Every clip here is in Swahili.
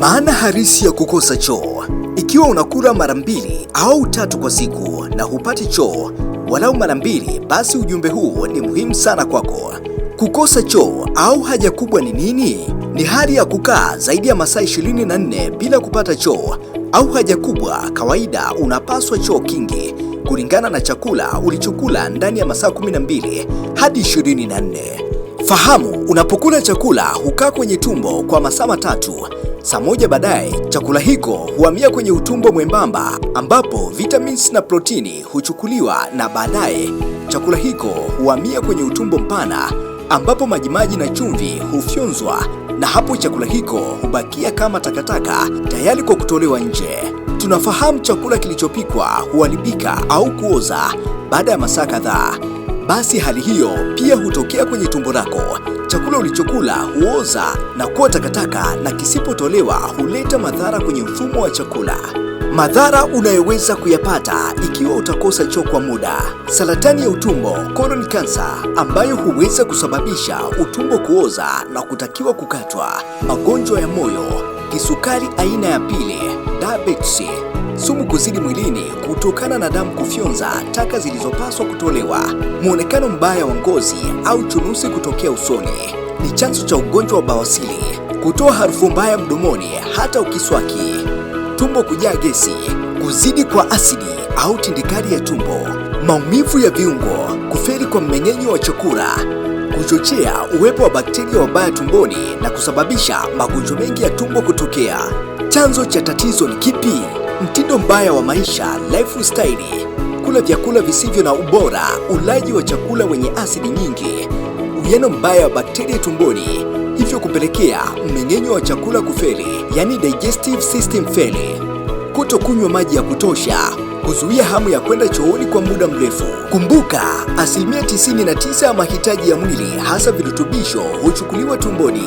Maana halisi ya kukosa choo: ikiwa unakula mara mbili au tatu kwa siku na hupati choo walau mara mbili, basi ujumbe huu ni muhimu sana kwako. Kukosa choo au haja kubwa ni nini? Ni hali ya kukaa zaidi ya masaa 24 bila kupata choo au haja kubwa. Kawaida unapaswa choo kingi kulingana na chakula ulichokula ndani ya masaa 12 hadi 24. Fahamu, unapokula chakula hukaa kwenye tumbo kwa masaa matatu Saa moja baadaye, chakula hiko huhamia kwenye utumbo mwembamba ambapo vitamins na protini huchukuliwa na baadaye chakula hiko huhamia kwenye utumbo mpana ambapo majimaji na chumvi hufyonzwa na hapo chakula hiko hubakia kama takataka tayari kwa kutolewa nje. Tunafahamu chakula kilichopikwa huharibika au kuoza baada ya masaa kadhaa basi hali hiyo pia hutokea kwenye tumbo lako. Chakula ulichokula huoza na kuwa takataka, na kisipotolewa huleta madhara kwenye mfumo wa chakula. Madhara unayoweza kuyapata ikiwa utakosa choo kwa muda: saratani ya utumbo, colon cancer, ambayo huweza kusababisha utumbo kuoza na kutakiwa kukatwa, magonjwa ya moyo, kisukari aina ya pili, diabetes sumu kuzidi mwilini kutokana na damu kufyonza taka zilizopaswa kutolewa, mwonekano mbaya wa ngozi au chunusi kutokea usoni, ni chanzo cha ugonjwa wa bawasiri, kutoa harufu mbaya mdomoni hata ukiswaki, tumbo kujaa gesi, kuzidi kwa asidi au tindikali ya tumbo, maumivu ya viungo, kufeli kwa mmeng'enyo wa chakula, kuchochea uwepo wa bakteria wabaya tumboni na kusababisha magonjwa mengi ya tumbo kutokea. Chanzo cha tatizo ni kipi? mtindo mbaya wa maisha lifestyle, kula vyakula visivyo na ubora, ulaji wa chakula wenye asidi nyingi, uwiano mbaya wa bakteria tumboni, hivyo kupelekea mmeng'enyo wa chakula kufeli, yani digestive system kuto kunywa maji ya kutosha kuzuia hamu ya kwenda chooni kwa muda mrefu. Kumbuka, asilimia 99 ya mahitaji ya mwili hasa virutubisho huchukuliwa tumboni.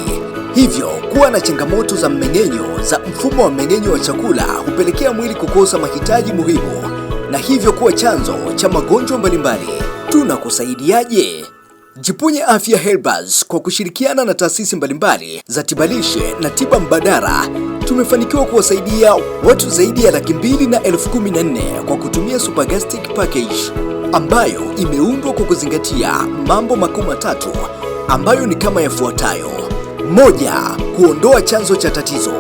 Hivyo kuwa na changamoto za mmeng'enyo za mfumo wa mmeng'enyo wa chakula hupelekea mwili kukosa mahitaji muhimu na hivyo kuwa chanzo cha magonjwa mbalimbali. Tunakusaidiaje? Jipunye Afya Herbals kwa kushirikiana na taasisi mbalimbali za tibalishe na tiba mbadala tumefanikiwa kuwasaidia watu zaidi ya laki mbili na elfu kumi na nne kwa kutumia Supergastic Package ambayo imeundwa kwa kuzingatia mambo makuu matatu ambayo ni kama yafuatayo. Moja, kuondoa chanzo cha tatizo.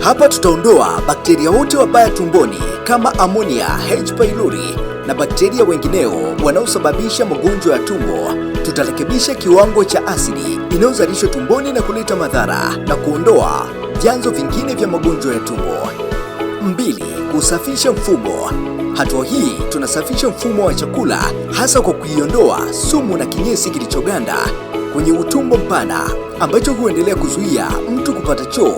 Hapa tutaondoa bakteria wote wabaya tumboni kama amonia, H. pylori na bakteria wengineo wanaosababisha magonjwa ya tumbo. Tutarekebisha kiwango cha asidi inayozalishwa tumboni na kuleta madhara na kuondoa vyanzo vingine vya magonjwa ya tumbo. Mbili, kusafisha mfumo. Hatua hii tunasafisha mfumo wa chakula hasa kwa kuiondoa sumu na kinyesi kilichoganda kwenye utumbo mpana ambacho huendelea kuzuia mtu kupata choo,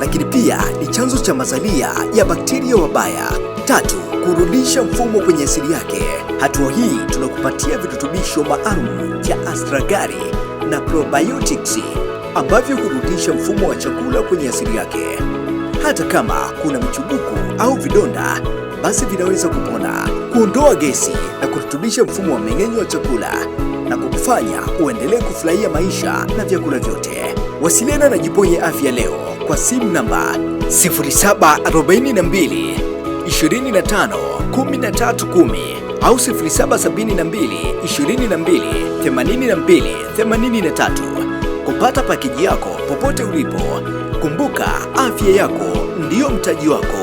lakini pia ni chanzo cha mazalia ya bakteria wabaya. Tatu, kurudisha mfumo kwenye asili yake. Hatua hii tunakupatia virutubisho maalum vya astragari na probiotics ambavyo hurudisha mfumo wa chakula kwenye asili yake. Hata kama kuna michubuko au vidonda, basi vinaweza kupona, kuondoa gesi na kurutubisha mfumo wa mmeng'enyo wa chakula na kukufanya uendelee kufurahia maisha na vyakula vyote. Wasiliana na Jiponye Afya leo kwa simu namba 0742 25 13 10 au 0772 kupata pakeji yako popote ulipo. Kumbuka, afya yako ndiyo mtaji wako.